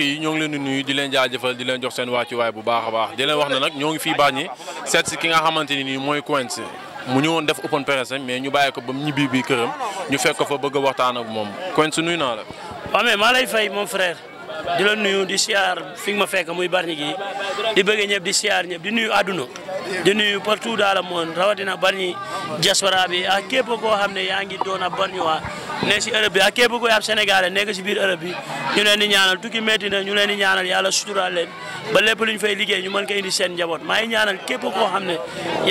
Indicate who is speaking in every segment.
Speaker 1: mbokk yi ñoo ngi leen di nuyu di leen jaajëfal di leen jox seen wàccuwaay bu baax a baax di leen wax ne nag ñoo ngi fii bàññi seet si ki nga xamante mooy Quench mu ñëwoon def open press mais ñu bàyyi ko ba mu ñibbi bi këram ñu fekk ko fa bëgg a waxtaan ak moom Quench nuyu naa la. waaw mais maa lay fay mon frère di la nuyu di siyaar fi ma fekk muy Bargny gi
Speaker 2: di bëgg ñëpp di siyaar ñëpp di nuyu àdduna di nuyu partout dans le monde rawatina Bargny diaspora bi ak képp koo xam ne yaa ngi doon ab Bargny waa ne si Europe bi ak képp koy ab Sénégalais nekk si biir Europe ñu leen ñaanal tukki métti ñu leen ñaanal yàlla suturaal leen ba lépp ñu fay liggéey ñu mën ko indi seen njaboot maa ngi ñaanal képp koo xam ne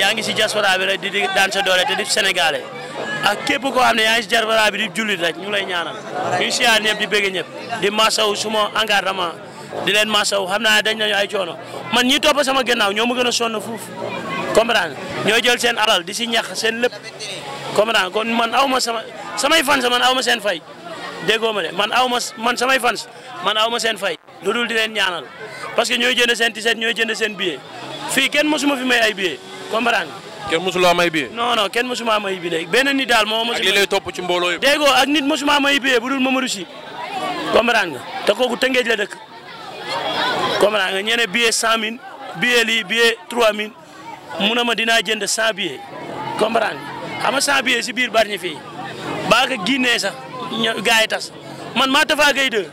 Speaker 2: yaa ngi si diaspora rek di di daan sa doole te di Sénégalais ak képp koo xam ne yaa ngi si diaspora bi di jullit rek ñu lay ñaanal ñu siyaar ñëpp di bëgg ñëpp di masawu suma encadrement di leen maasaw xam naa dañ nañu ay coono man ñi topp sama gannaaw ñoo ma gën a sonn fuuf comprendre ñoo jël seen alal di si ñax seen lépp comprendre kon man aw ma sama samay fans man aw ma seen fay déggoo ma man aw ma man samay fans man aw ma seen fay lu dul di leen ñaanal parce que ñooy jënd seen tiset ñoo jënd seen billet fii kenn mosuma fi may ay billet comprendre
Speaker 1: kenn mosulaa may billet
Speaker 2: non non kenn mosuma may billet benn nit daal moo mosul ak li lay topp ci mbooloo yëpp déggoo ak nit mosuma may billet bu dul Mamadou Sy comprendre nga te kooku tëngeej la dëkk comprendre nga ñene billet cent mille billet lii billet trois mille mu ne ma dinaa jënd cent billet comprendre nga xam si biir ñi fii baa ko ginnee sax gars yi tas man maa tafaa gay deux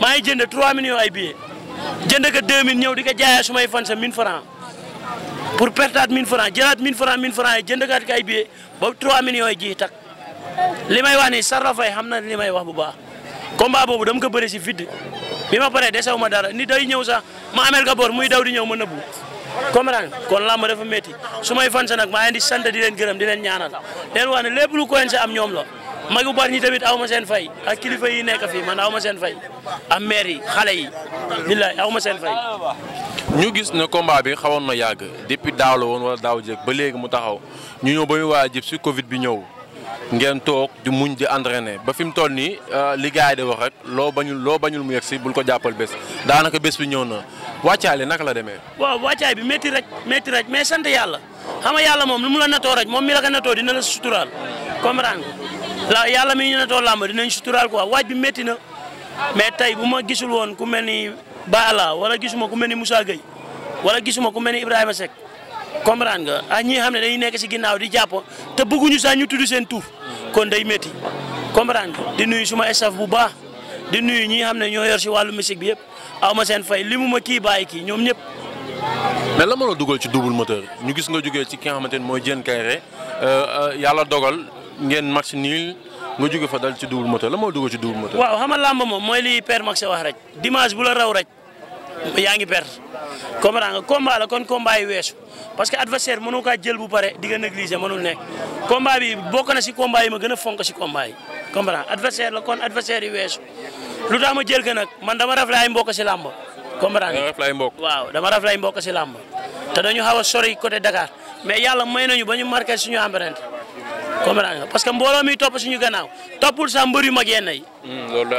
Speaker 2: maa ngi jënd trois millions ay billets jënd ko deux mille ñëw di ko jaayee su may fan sa mille francs pour pertaat mille francs jëlaat mille francs mille francs yi jënd kaat ko ay billets ba trois millions yi ji tak li may wax nii sarrafay xam na li wax bu baax combat boobu dama ko bëri si vide bi ma paree desew ma dara ni day ñëw sax ma amel ka bor muy daw di ñëw ma nëbbu comprendre kon làmb dafa métti su may fan sa nag maa leen di sant di leen gërëm di leen ñaanal leen wax ne lépp lu coincé am ñoom la mag yu bari ñi tamit aw ma seen fay ak kilifa yi nekk fii man aw ma seen fay am maire yi xale yi billaay aw ma seen fay.
Speaker 1: ñu gis ne combat bi xawoon ma yàgg depuis daaw la woon wala daaw jéeg ba léegi mu taxaw ñu ñëw ba ñu waa jib si Covid bi ñëw. ngeen toog di muñ di entraîner ba fi mu toll nii euh, li gars yi di wax rek loo bañul loo bañul mu yegg bul ko jàppal bés daanaka bés bi ñëw na wàccaay li naka la demee.
Speaker 2: waaw wàccaay bi métti rek métti rek mais sant yàlla xam nga yàlla moom lu mu la natoo rek moom mi la ko natoo dina la suturaal comprendre la yàlla mi ñu natoo làmb dinañ suturaal ko waaj bi métti na mais tey bu ma gisul woon ku mel ni Balla wala gisuma ku mel ni Moussa Gueye wala gisuma ku mel ni Ibrahima sek comprendre nga ah ñi xam ne dañuy nekk si ginnaaw di jàpp te bëgguñu sax ñu tudd seen tuuf kon day métti comprendre nga di nuyu suma staff bu baax di nuyu ñi xam ne ñoo yor si wàllu musique bi yëpp aw ma seen fay li mu ma kii bàyyi kii ñoom ñëpp.
Speaker 1: mais la mën dugal ci double moteur ñu gis nga jógee ci ki nga xamante ni mooy Diène Kairé euh, euh, yàlla dogal ngeen match nul nga jóge fa dal ci double moteur la moo dugal ci double moteur. waaw xam nga
Speaker 2: làmb moom mooy li Père Max wax rek dimanche bu la raw rek. yaa ngi perte comprendre nga combat la kon combat yi weesu parce que adversaire mënoo kaa jël bu pare di nga négliger mënul nekk bi bokk si combat ma gën a fonk si combat yi comprendre la kon adversaire yi weesu lu tax jël ko man dama rafetlu ay mbokk si làmb comprendre nga rafetlu ay ay mbokk si làmb te dañu xaw a sori côté Dakar mais yàlla may nañu ba ñu marqué suñu empreinte comprendre nga parce que mbooloo mi topp suñu gannaaw toppul sax mbër yu mag yenn yi. Hmm, loolu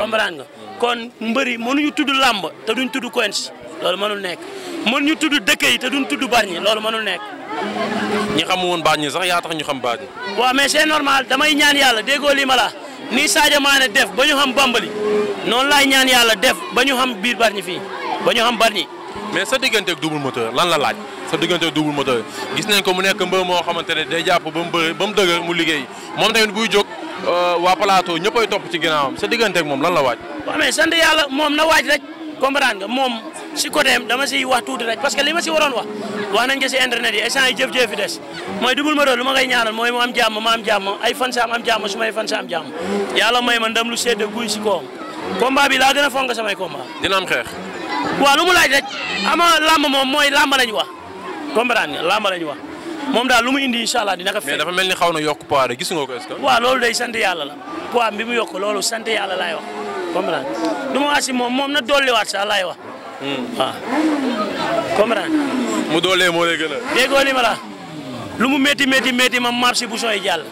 Speaker 2: kon mbër yi ñu tudd làmb te duñ tudd Quench loolu mënul nekk ñu tudd dëkk yi te duñ tudd Bargny loolu mënul nekk.
Speaker 1: ñi xamu woon Bargny sax yaa tax ñu xam Bargny.
Speaker 2: waaw mais c'est normal damay ñaan yàlla déggoo lii ma la nii Sadio Mané def ba ñu xam Bambali noonu laay ñaan yàlla
Speaker 1: def ba ñu xam biir Bargny fii ba ñu xam Bargny mais sa digganteeg double moteur lan la laaj sa digganteeg double moteur gis nañ ko mu nekk mbër moo xamante ne day jàpp ba mu bëri mu liggéey moom tamit buy jóg euh, waa plateau ñëppay topp ci ginnaawam sa digganteeg moom lan la waaj.
Speaker 2: waaw mais sant yàlla moom na waaj rek
Speaker 1: comprendre nga moom si côté dama siy wax tuuti rek parce
Speaker 2: que li ma si waroon wax wax nañ ko si internet yi instant yi des mooy double moteur lu ma ngay ñaanal mooy mu am jàmm ma am jàmm ay fan sa am am jàmm su may fan sa am ma ndam a fonk samay waaw lu mu laaj rek ama làmb moom mooy làmb lañ wax comprendre nga làmb lañ wax moom daal lu mu indi incha allah dina ko dafa mel ni xaw na
Speaker 1: yokk poids gis nga ko est-ce que.
Speaker 2: loolu day sant yàlla la poids bi mu yokk loolu sant yàlla laay wax comprendre du ma asi moom moom na dolliwaat sax laay wax. Hmm. waaw comprendre.
Speaker 1: mu doolee moo lay gën a.
Speaker 2: déggoo ni ma la lu mu metti métti métti ma marché bouchon yi jàll.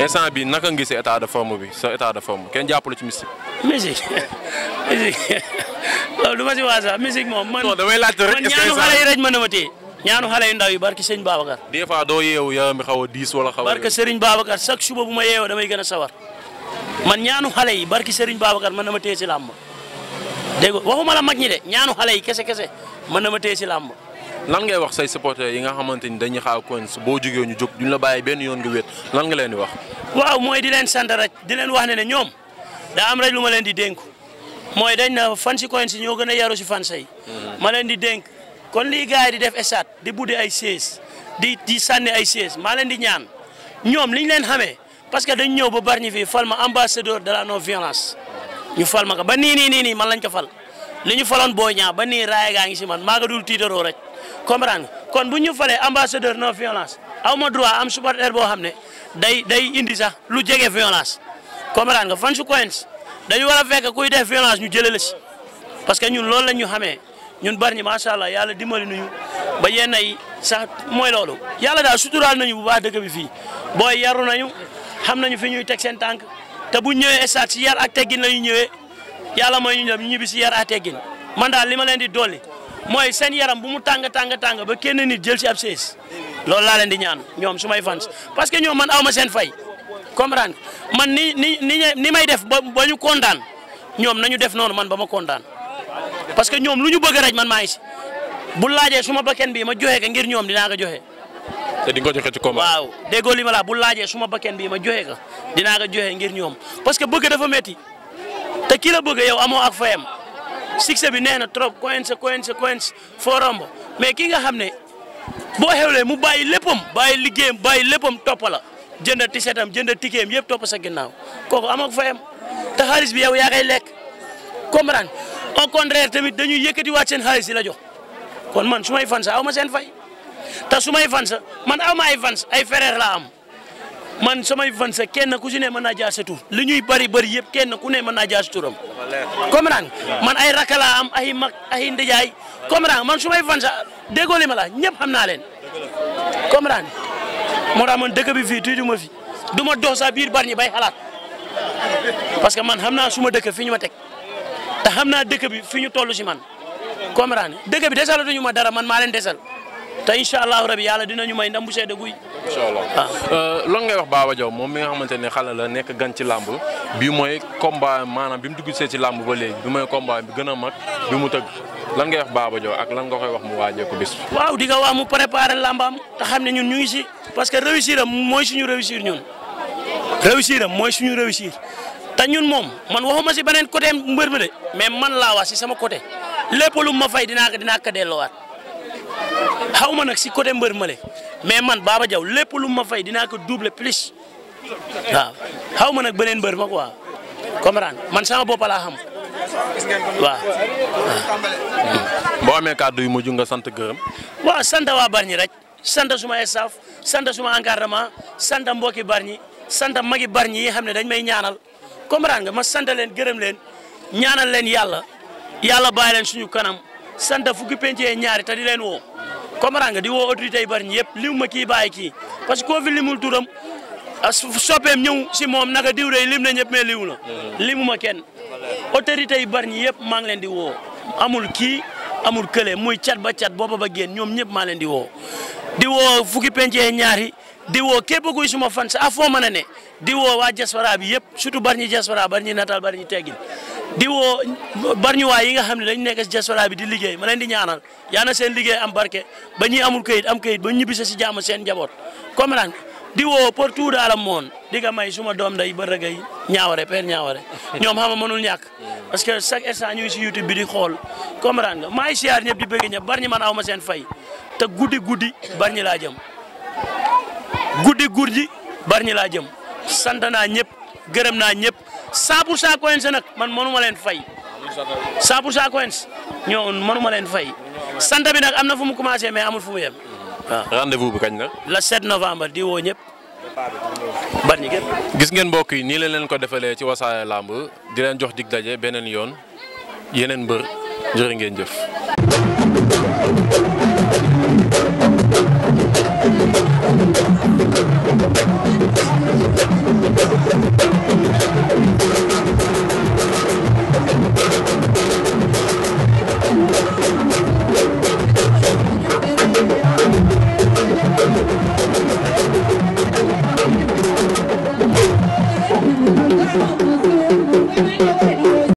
Speaker 1: instant bi naka ngi si état de forme bi sa état de forme kenn jàppale ci musique. musique musique ma si wax sax musique moom. man damay laajte rek ñaanu
Speaker 2: xale yi rek yu ndaw yi barki sëñ Babacar.
Speaker 1: des fois a diis a.
Speaker 2: barki sëriñ Babacar chaque bu ma yeewoo gën a sawar man ñaanu xale yi barki sëriñ Babacar mën na ma téye si làmb dégg waxuma la mag ñi de ñaanu xale yi kese kese mën na ma téye si làmb
Speaker 1: lan ngay wax say supporters yi nga xamante ni dañuy xaar Quench boo jógee ñu jóg duñ la bàyyi benn yoon nga wéet lan nga leen di wax. waaw mooy di leen sant rek di leen wax ne ne ñoom daa am rek lu ma leen
Speaker 2: di dénk mooy dañ na fan si Quench ñoo gën a yaru si fan say hmm. ma leen di dénk kon lii gars di def stade di buddi ay chaise di di sànni ay chaise maa leen di ñaan ñoom liñ leen xamee parce que dañ ñëw ba Bargny fii fal ma ambassadeur de la no violence ñu fal ma ko ba nii nii nii nii man lañ ko fal ñu faloon boo ñaa ba nii raaya gaa ngi si man maa nga dul tiitaroo rek. comprendre kon bu ñu falee ambassadeur non violence aw ma am supporter boo xam ne day day indi sax lu jege violence comprendre nga fan su coins dañu war a fekk kuy def ñu jëlee la si parce que ñun loolu la ñu xamee ñun bari ñi macha allah yàlla dimbali ba yenn yi sax mooy loolu yala daal suturaal nañu bu baax dëkk bi fii booy yaru nañu na nañu fi ñu teg seen tànk te bu ñëwee stade si yar ak teggin la ñu ñëwee yàlla mooy ñu ñëw si yar ak teggin man daal mooy seen yaram bu mu tàng tàng tàng ba kenn ni jël si ab siis loolu laa leen di ñaan ñoom sumay may fans parce que ñoom man aw seen fay comprendre man ni ni ni may def ba ba ñu kontaan ñoom nañu def noonu man ba ma kontaan parce que ñoom lu ñu bëgg rek man maa ngi si bu laajee su ma bakken bii ma joxe ko ngir ñoom dinaa ko joxe.
Speaker 1: te di ko joxe ci combat. waaw
Speaker 2: déggoo li ma laa bu laajee su ma bakken bii ma joxe ka dinaa ko joxe ngir ñoom parce que bëgg dafa métti te ki la bëgg yow amoo ak fayam. succès bi nee na trop coince coince coince foo romb mais ki nga xam ne boo xewlee mu bàyyi léppam bàyyi liggéeyam bàyyi léppam topp la jënd tisetam jënd tikeem yëpp topp sa ginnaaw kooku amoo fayam te xaalis bi yow yaa koy lekk comprendre au tamit dañuy yëkkatiwaat seen xaalis yi la jox kon man su may fan sa aw ma seen fay te su may fan sa man aw ma ay fan ay frère la am man samay fan sa kenn ku si ne mën naa jaar sa tur li ñuy bëri bëri yëpp kenn ku ne mën naa jaar sa comprendre man ay rakk laa am ay mag ay ndijaay comprendre man sumay may fan sa déggoo li ma la ñëpp xam naa leen comprendre moo tax man dëkk bi fii tuuti ma fi du ma dox sa biir Bargny bay xalaat parce que man xam naa suma ma dëkk fi ñu ma teg te xam naa dëkk bi fi ñu toll si man comprendre dëkk bi desalatuñu ma dara man maa leen desal te incha allahu rabi yàlla dinañu may ndam bu sedd guy
Speaker 1: incha ah. euh, ngay wax Baba Diaw moom mi nga xamante ne xale la nekk gan ci làmb bi mooy combat maanaam bi mu dugg see ci làmb ba léegi bi mooy combat bi gën a mag bi mu tëgg lan ngay wax Baba Diaw ak lan nga koy wax mu waajee ko bis
Speaker 2: waaw di nga wax mu préparé làmbaam te xam ne ñun ñu ngi si parce que réussir am mooy ñu réussir ñun réussir am mooy suñu réussir te ñun moom man waxuma si beneen côté mbër mi de mais man laa wax si sama côté lépp lu ma fay dinaa dinaa ko delloowaat xaw ma nag si côté mbër male mais man Baba jaw lépp lu ma fay dinaa ko duble plus waaw xaw ma nag beneen mbër ma quoi comprendre man sama bopp laa xam waaw.
Speaker 1: boo amee kàddu yu nga sant gërëm.
Speaker 2: waaw sant waa Bargny rek sant suma staff sant suma santa encadrement bar mbokki santa sant magi Bargny yi xam ne dañ may ñaanal comprendre nga ma sant leen gërëm leen ñaanal leen yàlla yàlla bàyyi leen suñu kanam. sant fukki penc yee ñaari te di leen woo comprendre nga di woo autorité yi bari ñi yëpp limu ma kii bàyyi kii parce que koo fi limul turam soppeem ñëw si moom naka diw day lim na ñëpp mais liw na limu ma ken autorité yi bari ñi yëpp maa ngi leen di woo amul kii amul kële muy cat ba cat booba ba génn ñoom ñëpp maa leen di woo di woo fukki penc yee ñaari di woo képp kuy suma fan sa a ah, foo mën a ne di woo waa diaspora bi yëpp surtout Bargny diaspora Bargny natal Bargny teggin di bar Bargny waay yi nga xam ne dañ nekk si diaspora bi di liggéey ma leen di ñaanal yaa na seen liggéey am barke ba ñi amul kayit am kayit ba ñibbise si jàmm seen njaboot comprendre di woo pour tout la am moon di ga may suma doom day ba rëgay ñaaware père ñaaware ñoom xam ma mënul ñàkk parce que chaque instant ñu si YouTube bi di xool comprendre nga maa ñëpp di bëgg ñëpp Bargny man aw seen fay te guddi guddi Bargny laa guddi gur ji Bargny laa jëm sant naa ñëpp gërëm naa ñëpp 100 pour 100 Coins nag man mënu ma leen fay. 100 pour 100 Coins ñoo mënu ma leen fay sant bi nag am na fu mu commencé mais amul fu mu yem
Speaker 1: waaw. rendez-vous bi kañ la. le 7 novembre di woo ñëpp. Bargny gis ngeen mbokk yi nii leen leen ko defalee ci Wassare Lamb di leen jox dig daje beneen yoon yeneen mbër jërë ngeen jëf.